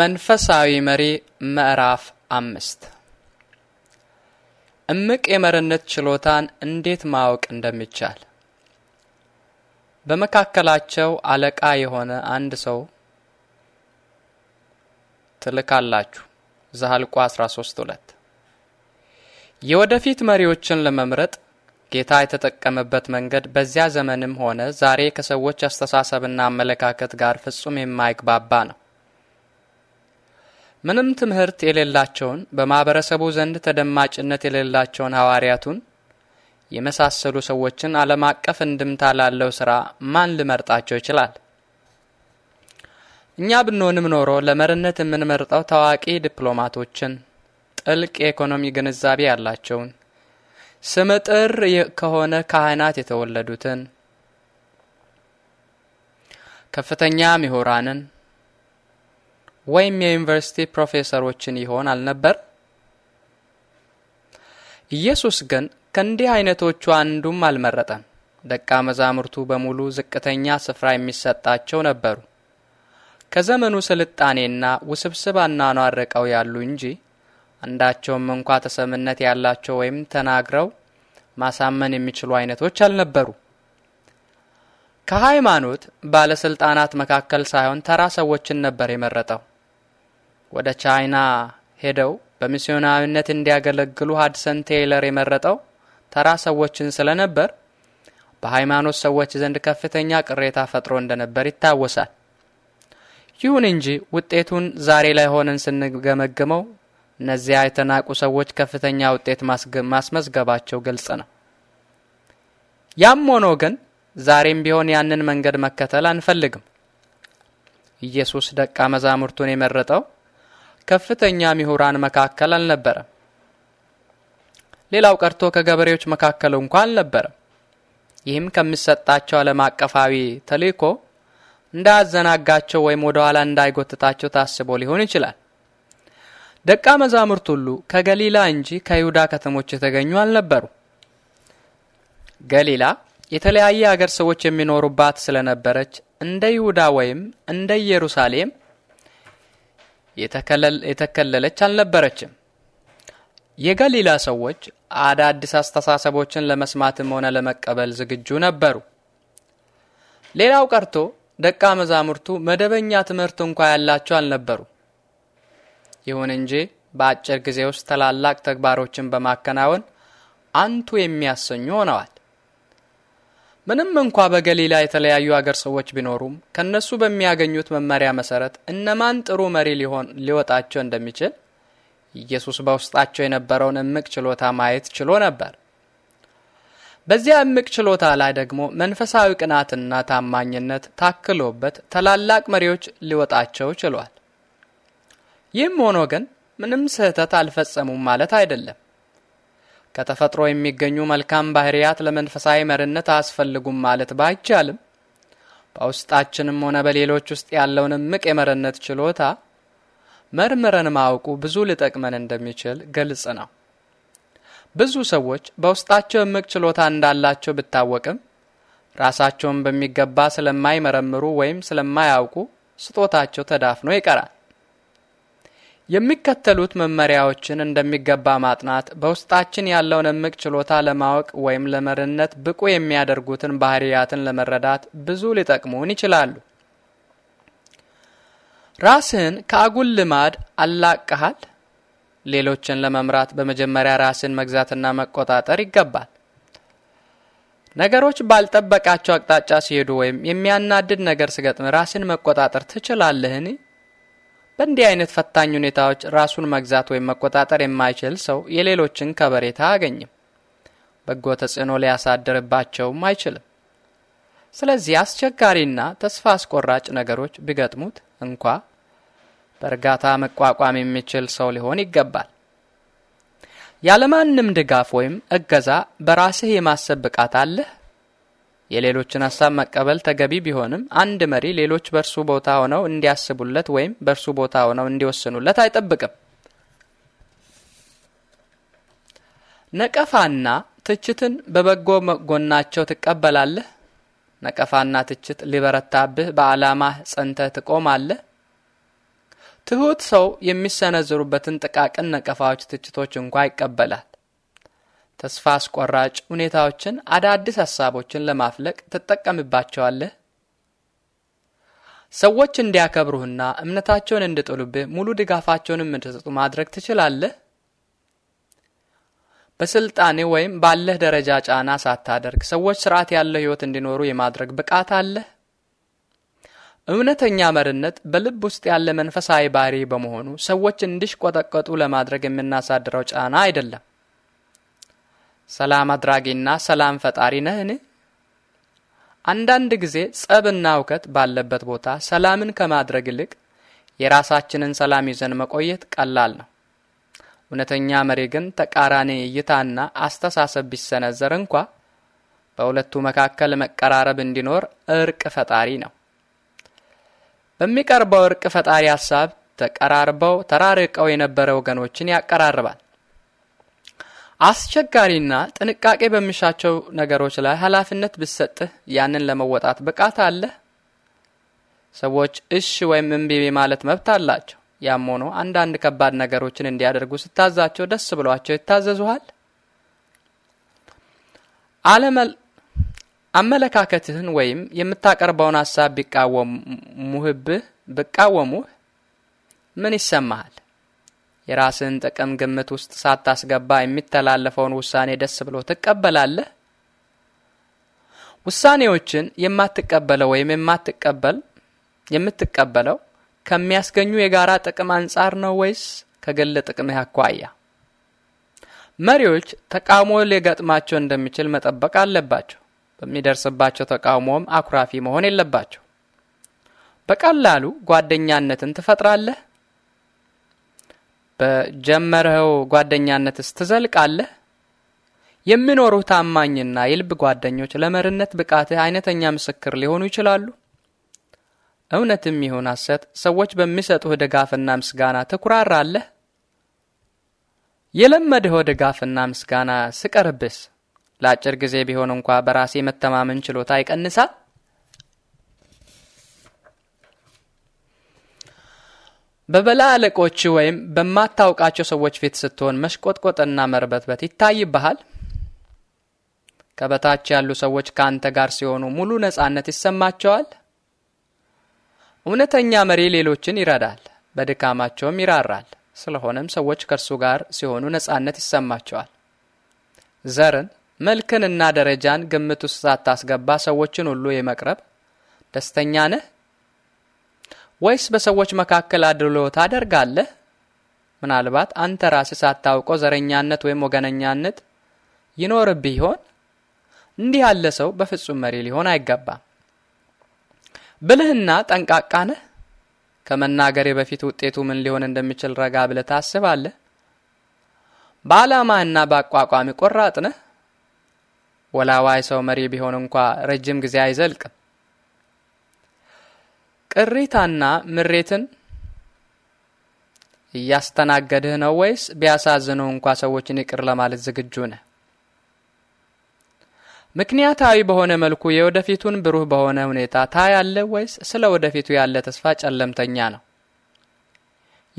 መንፈሳዊ መሪ ምዕራፍ አምስት እምቅ የመርነት ችሎታን እንዴት ማወቅ እንደሚቻል በመካከላቸው አለቃ የሆነ አንድ ሰው ትልካላችሁ። ዘኍልቍ 13፥2 የወደፊት መሪዎችን ለመምረጥ ጌታ የተጠቀመበት መንገድ በዚያ ዘመንም ሆነ ዛሬ ከሰዎች አስተሳሰብና አመለካከት ጋር ፍጹም የማይግባባ ነው። ምንም ትምህርት የሌላቸውን በማኅበረሰቡ ዘንድ ተደማጭነት የሌላቸውን ሐዋርያቱን የመሳሰሉ ሰዎችን ዓለም አቀፍ እንድምታ ላለው ሥራ ማን ሊመርጣቸው ይችላል? እኛ ብንሆንም ኖሮ ለመርነት የምንመርጠው ታዋቂ ዲፕሎማቶችን፣ ጥልቅ የኢኮኖሚ ግንዛቤ ያላቸውን፣ ስምጥር ከሆነ ካህናት የተወለዱትን፣ ከፍተኛ ምሁራንን ወይም የዩኒቨርሲቲ ፕሮፌሰሮችን ይሆን አልነበር? ኢየሱስ ግን ከእንዲህ አይነቶቹ አንዱም አልመረጠም። ደቀ መዛሙርቱ በሙሉ ዝቅተኛ ስፍራ የሚሰጣቸው ነበሩ፣ ከዘመኑ ስልጣኔና ውስብስብ አኗኗር ርቀው ያሉ እንጂ አንዳቸውም እንኳ ተሰምነት ያላቸው ወይም ተናግረው ማሳመን የሚችሉ አይነቶች አልነበሩ። ከሃይማኖት ባለስልጣናት መካከል ሳይሆን ተራ ሰዎችን ነበር የመረጠው። ወደ ቻይና ሄደው በሚስዮናዊነት እንዲያገለግሉ ሀድሰን ቴይለር የመረጠው ተራ ሰዎችን ስለነበር በሃይማኖት ሰዎች ዘንድ ከፍተኛ ቅሬታ ፈጥሮ እንደነበር ይታወሳል። ይሁን እንጂ ውጤቱን ዛሬ ላይ ሆነን ስንገመግመው እነዚያ የተናቁ ሰዎች ከፍተኛ ውጤት ማስመዝገባቸው ግልጽ ነው። ያም ሆኖ ግን ዛሬም ቢሆን ያንን መንገድ መከተል አንፈልግም። ኢየሱስ ደቀ መዛሙርቱን የመረጠው ከፍተኛ ምሁራን መካከል አልነበረም። ሌላው ቀርቶ ከገበሬዎች መካከል እንኳ አልነበረም። ይህም ከሚሰጣቸው ዓለም አቀፋዊ ተልእኮ እንዳያዘናጋቸው ወይም ወደ ኋላ እንዳይጎትታቸው ታስቦ ሊሆን ይችላል። ደቀ መዛሙርት ሁሉ ከገሊላ እንጂ ከይሁዳ ከተሞች የተገኙ አልነበሩ። ገሊላ የተለያየ አገር ሰዎች የሚኖሩባት ስለነበረች እንደ ይሁዳ ወይም እንደ ኢየሩሳሌም የተከለለች አልነበረችም። የገሊላ ሰዎች አዳዲስ አስተሳሰቦችን ለመስማትም ሆነ ለመቀበል ዝግጁ ነበሩ። ሌላው ቀርቶ ደቀ መዛሙርቱ መደበኛ ትምህርት እንኳ ያላቸው አልነበሩ። ይሁን እንጂ በአጭር ጊዜ ውስጥ ታላላቅ ተግባሮችን በማከናወን አንቱ የሚያሰኙ ሆነዋል። ምንም እንኳ በገሊላ የተለያዩ አገር ሰዎች ቢኖሩም ከነሱ በሚያገኙት መመሪያ መሰረት እነማን ጥሩ መሪ ሊሆን ሊወጣቸው እንደሚችል ኢየሱስ በውስጣቸው የነበረውን እምቅ ችሎታ ማየት ችሎ ነበር። በዚያ እምቅ ችሎታ ላይ ደግሞ መንፈሳዊ ቅናትና ታማኝነት ታክሎበት ታላላቅ መሪዎች ሊወጣቸው ችሏል። ይህም ሆኖ ግን ምንም ስህተት አልፈጸሙም ማለት አይደለም። ከተፈጥሮ የሚገኙ መልካም ባህርያት ለመንፈሳዊ መርነት አያስፈልጉም ማለት ባይቻልም በውስጣችንም ሆነ በሌሎች ውስጥ ያለውን እምቅ የመርነት ችሎታ መርምረን ማወቁ ብዙ ሊጠቅመን እንደሚችል ግልጽ ነው። ብዙ ሰዎች በውስጣቸው እምቅ ችሎታ እንዳላቸው ብታወቅም ራሳቸውን በሚገባ ስለማይመረምሩ ወይም ስለማያውቁ ስጦታቸው ተዳፍኖ ይቀራል። የሚከተሉት መመሪያዎችን እንደሚገባ ማጥናት በውስጣችን ያለውን እምቅ ችሎታ ለማወቅ ወይም ለመሪነት ብቁ የሚያደርጉትን ባህሪያትን ለመረዳት ብዙ ሊጠቅሙን ይችላሉ። ራስህን ከአጉል ልማድ አላቀሃል። ሌሎችን ለመምራት በመጀመሪያ ራስን መግዛትና መቆጣጠር ይገባል። ነገሮች ባልጠበቃቸው አቅጣጫ ሲሄዱ ወይም የሚያናድድ ነገር ሲገጥም ራስን መቆጣጠር ትችላለህን? በእንዲህ አይነት ፈታኝ ሁኔታዎች ራሱን መግዛት ወይም መቆጣጠር የማይችል ሰው የሌሎችን ከበሬታ አያገኝም፣ በጎ ተጽዕኖ ሊያሳድርባቸውም አይችልም። ስለዚህ አስቸጋሪና ተስፋ አስቆራጭ ነገሮች ቢገጥሙት እንኳ በእርጋታ መቋቋም የሚችል ሰው ሊሆን ይገባል። ያለማንም ድጋፍ ወይም እገዛ በራስህ የማሰብ ብቃት አለህ? የሌሎችን ሀሳብ መቀበል ተገቢ ቢሆንም አንድ መሪ ሌሎች በእርሱ ቦታ ሆነው እንዲያስቡለት ወይም በእርሱ ቦታ ሆነው እንዲወስኑለት አይጠብቅም። ነቀፋና ትችትን በበጎ ጎናቸው ትቀበላለህ? ነቀፋና ትችት ሊበረታብህ በዓላማህ ጸንተህ ትቆማለህ? ትሑት ሰው የሚሰነዝሩበትን ጥቃቅን ነቀፋዎች፣ ትችቶች እንኳ ይቀበላል። ተስፋ አስቆራጭ ሁኔታዎችን አዳዲስ ሐሳቦችን ለማፍለቅ ትጠቀምባቸዋለህ። ሰዎች እንዲያከብሩህና እምነታቸውን እንድጥሉብህ ሙሉ ድጋፋቸውንም እንድሰጡ ማድረግ ትችላለህ። በስልጣኔ ወይም ባለህ ደረጃ ጫና ሳታደርግ ሰዎች ስርዓት ያለው ሕይወት እንዲኖሩ የማድረግ ብቃት አለህ። እውነተኛ መሪነት በልብ ውስጥ ያለ መንፈሳዊ ባህሪ በመሆኑ ሰዎች እንዲሽቆጠቀጡ ለማድረግ የምናሳድረው ጫና አይደለም። ሰላም አድራጊና ሰላም ፈጣሪ ነህን? አንዳንድ ጊዜ ጸብና እውከት ባለበት ቦታ ሰላምን ከማድረግ ይልቅ የራሳችንን ሰላም ይዘን መቆየት ቀላል ነው። እውነተኛ መሪ ግን ተቃራኒ እይታና አስተሳሰብ ቢሰነዘር እንኳ በሁለቱ መካከል መቀራረብ እንዲኖር እርቅ ፈጣሪ ነው። በሚቀርበው እርቅ ፈጣሪ ሀሳብ ተቀራርበው ተራርቀው የነበረ ወገኖችን ያቀራርባል። አስቸጋሪና ጥንቃቄ በሚሻቸው ነገሮች ላይ ኃላፊነት ብሰጥህ ያንን ለመወጣት ብቃት አለህ? ሰዎች እሺ ወይም እምቢ ማለት መብት አላቸው። ያም ሆኖ አንዳንድ ከባድ ነገሮችን እንዲያደርጉ ስታዛቸው ደስ ብሏቸው ይታዘዙሃል። አመለካከትህን ወይም የምታቀርበውን ሀሳብ ቢቃወሙህብህ ቢቃወሙህ ምን ይሰማሃል? የራስን ጥቅም ግምት ውስጥ ሳታስገባ የሚተላለፈውን ውሳኔ ደስ ብሎ ትቀበላለህ? ውሳኔዎችን የማትቀበለው ወይም የማትቀበል የምትቀበለው ከሚያስገኙ የጋራ ጥቅም አንጻር ነው ወይስ ከግል ጥቅምህ አኳያ? መሪዎች ተቃውሞ ሊገጥማቸው እንደሚችል መጠበቅ አለባቸው። በሚደርስባቸው ተቃውሞም አኩራፊ መሆን የለባቸው። በቀላሉ ጓደኛነትን ትፈጥራለህ? በጀመርኸው ጓደኛነትስ ትዘልቃለህ? የሚኖሩህ ታማኝና የልብ ጓደኞች ለመርነት ብቃትህ አይነተኛ ምስክር ሊሆኑ ይችላሉ። እውነትም ይሁን ሐሰት ሰዎች በሚሰጡህ ድጋፍና ምስጋና ትኩራራለህ? የለመድኸው ድጋፍና ምስጋና ስቀርብስ ለአጭር ጊዜ ቢሆን እንኳ በራሴ መተማመን ችሎታ ይቀንሳል። በበላ አለቆች ወይም በማታውቃቸው ሰዎች ፊት ስትሆን መሽቆጥቆጥና መርበትበት ይታይብሃል። ከበታች ያሉ ሰዎች ከአንተ ጋር ሲሆኑ ሙሉ ነጻነት ይሰማቸዋል። እውነተኛ መሪ ሌሎችን ይረዳል፣ በድካማቸውም ይራራል። ስለሆነም ሰዎች ከእርሱ ጋር ሲሆኑ ነጻነት ይሰማቸዋል። ዘርን መልክንና ደረጃን ግምት ውስጥ ሳታስገባ ሰዎችን ሁሉ የመቅረብ ደስተኛ ነህ ወይስ በሰዎች መካከል አድሎ ታደርጋለህ? ምናልባት አንተ ራስህ ሳታውቀው ዘረኛነት ወይም ወገነኛነት ይኖርብህ ይሆን? እንዲህ ያለ ሰው በፍጹም መሪ ሊሆን አይገባም። ብልህና ጠንቃቃ ነህ? ከመናገሬ በፊት ውጤቱ ምን ሊሆን እንደሚችል ረጋ ብለህ ታስባለህ? በዓላማና በአቋቋሚ ቆራጥ ነህ? ወላዋይ ሰው መሪ ቢሆን እንኳ ረጅም ጊዜ አይዘልቅም። ቅሪታና ምሬትን እያስተናገድህ ነው ወይስ ቢያሳዝነው እንኳ ሰዎችን ይቅር ለማለት ዝግጁ ነህ? ምክንያታዊ በሆነ መልኩ የወደፊቱን ብሩህ በሆነ ሁኔታ ታያለ ወይስ ስለ ወደፊቱ ያለ ተስፋ ጨለምተኛ ነው?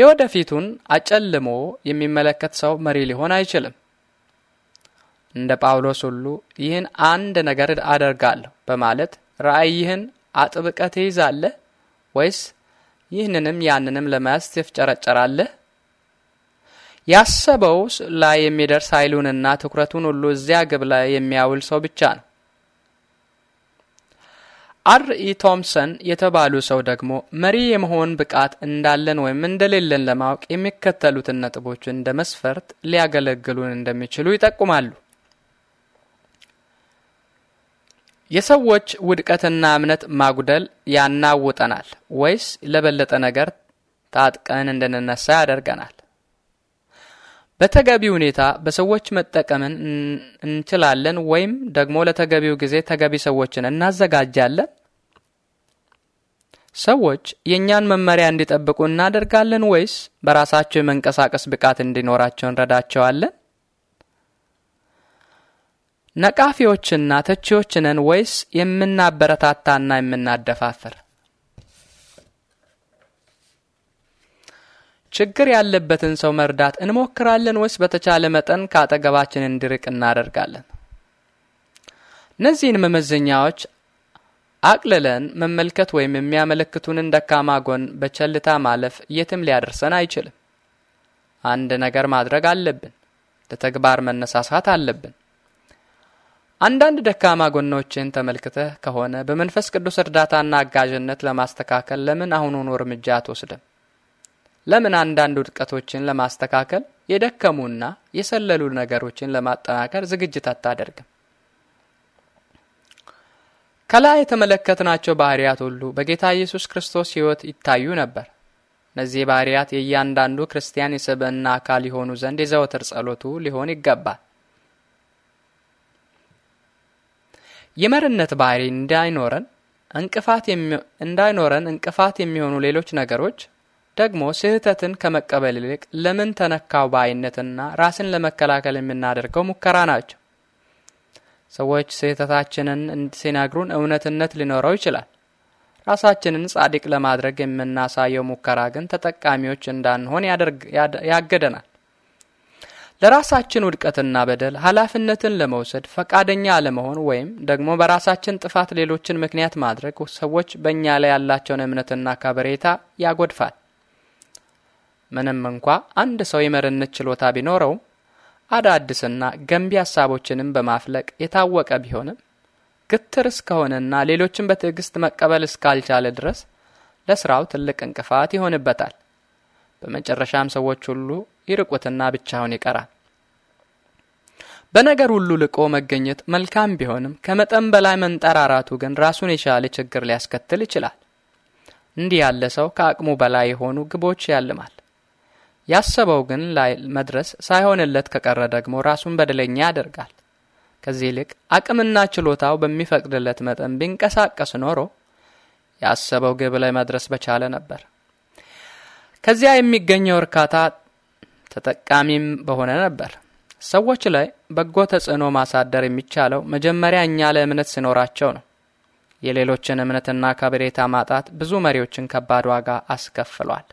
የወደፊቱን አጨልሞ የሚመለከት ሰው መሪ ሊሆን አይችልም። እንደ ጳውሎስ ሁሉ ይህን አንድ ነገር አደርጋለሁ በማለት ራእይህን አጥብቀ ትይዛለህ ወይስ ይህንንም ያንንም ለመያዝ ትፍጨረጨራለህ? ያሰበው ላይ የሚደርስ ኃይሉንና ትኩረቱን ሁሉ እዚያ ግብ ላይ የሚያውል ሰው ብቻ ነው። አር ኢ ቶምሰን የተባሉ ሰው ደግሞ መሪ የመሆን ብቃት እንዳለን ወይም እንደሌለን ለማወቅ የሚከተሉትን ነጥቦች እንደ መስፈርት ሊያገለግሉን እንደሚችሉ ይጠቁማሉ። የሰዎች ውድቀትና እምነት ማጉደል ያናውጠናል ወይስ ለበለጠ ነገር ታጥቀን እንድንነሳ ያደርገናል? በተገቢ ሁኔታ በሰዎች መጠቀምን እንችላለን ወይም ደግሞ ለተገቢው ጊዜ ተገቢ ሰዎችን እናዘጋጃለን። ሰዎች የእኛን መመሪያ እንዲጠብቁ እናደርጋለን ወይስ በራሳቸው የመንቀሳቀስ ብቃት እንዲኖራቸው እንረዳቸዋለን? ነቃፊዎችና ተቺዎች ነን ወይስ የምናበረታታና የምናደፋፍር? ችግር ያለበትን ሰው መርዳት እንሞክራለን ወይስ በተቻለ መጠን ከአጠገባችን እንዲርቅ እናደርጋለን? እነዚህን መመዘኛዎች አቅልለን መመልከት ወይም የሚያመለክቱንን ደካማ ጎን በቸልታ ማለፍ የትም ሊያደርሰን አይችልም። አንድ ነገር ማድረግ አለብን። ለተግባር መነሳሳት አለብን። አንዳንድ ደካማ ጎናዎችን ተመልክተህ ከሆነ በመንፈስ ቅዱስ እርዳታና አጋዥነት ለማስተካከል ለምን አሁኑኑ እርምጃ አትወስድም? ለምን አንዳንድ ውድቀቶችን ለማስተካከል የደከሙና የሰለሉ ነገሮችን ለማጠናከር ዝግጅት አታደርግም? ከላይ የተመለከትናቸው ባህሪያት ሁሉ በጌታ ኢየሱስ ክርስቶስ ሕይወት ይታዩ ነበር። እነዚህ ባህሪያት የእያንዳንዱ ክርስቲያን የሰብዕና አካል የሆኑ ዘንድ የዘወትር ጸሎቱ ሊሆን ይገባል። የመርነት ባህሪ እንዳይኖረን እንቅፋት እንዳይኖረን እንቅፋት የሚሆኑ ሌሎች ነገሮች ደግሞ ስህተትን ከመቀበል ይልቅ ለምን ተነካው ባይነትና ራስን ለመከላከል የምናደርገው ሙከራ ናቸው። ሰዎች ስህተታችንን ሲነግሩን እውነትነት ሊኖረው ይችላል። ራሳችንን ጻድቅ ለማድረግ የምናሳየው ሙከራ ግን ተጠቃሚዎች እንዳንሆን ያገደናል። ለራሳችን ውድቀትና በደል ኃላፊነትን ለመውሰድ ፈቃደኛ አለመሆን ወይም ደግሞ በራሳችን ጥፋት ሌሎችን ምክንያት ማድረግ ሰዎች በእኛ ላይ ያላቸውን እምነትና ከበሬታ ያጎድፋል። ምንም እንኳ አንድ ሰው የመሪነት ችሎታ ቢኖረውም አዳዲስና ገንቢ ሀሳቦችንም በማፍለቅ የታወቀ ቢሆንም ግትር እስከሆነና ሌሎችን በትዕግስት መቀበል እስካልቻለ ድረስ ለስራው ትልቅ እንቅፋት ይሆንበታል። በመጨረሻም ሰዎች ሁሉ ይርቁትና ብቻውን ይቀራል። በነገር ሁሉ ልቆ መገኘት መልካም ቢሆንም ከመጠን በላይ መንጠራራቱ ግን ራሱን የቻለ ችግር ሊያስከትል ይችላል። እንዲህ ያለ ሰው ከአቅሙ በላይ የሆኑ ግቦች ያልማል። ያሰበው ግን ላይ መድረስ ሳይሆንለት ከቀረ ደግሞ ራሱን በደለኛ ያደርጋል። ከዚህ ይልቅ አቅምና ችሎታው በሚፈቅድለት መጠን ቢንቀሳቀስ ኖሮ ያሰበው ግብ ላይ መድረስ በቻለ ነበር። ከዚያ የሚገኘው እርካታ ተጠቃሚም በሆነ ነበር። ሰዎች ላይ በጎ ተጽዕኖ ማሳደር የሚቻለው መጀመሪያ እኛ ለእምነት ሲኖራቸው ነው። የሌሎችን እምነትና ከብሬታ ማጣት ብዙ መሪዎችን ከባድ ዋጋ አስከፍሏል።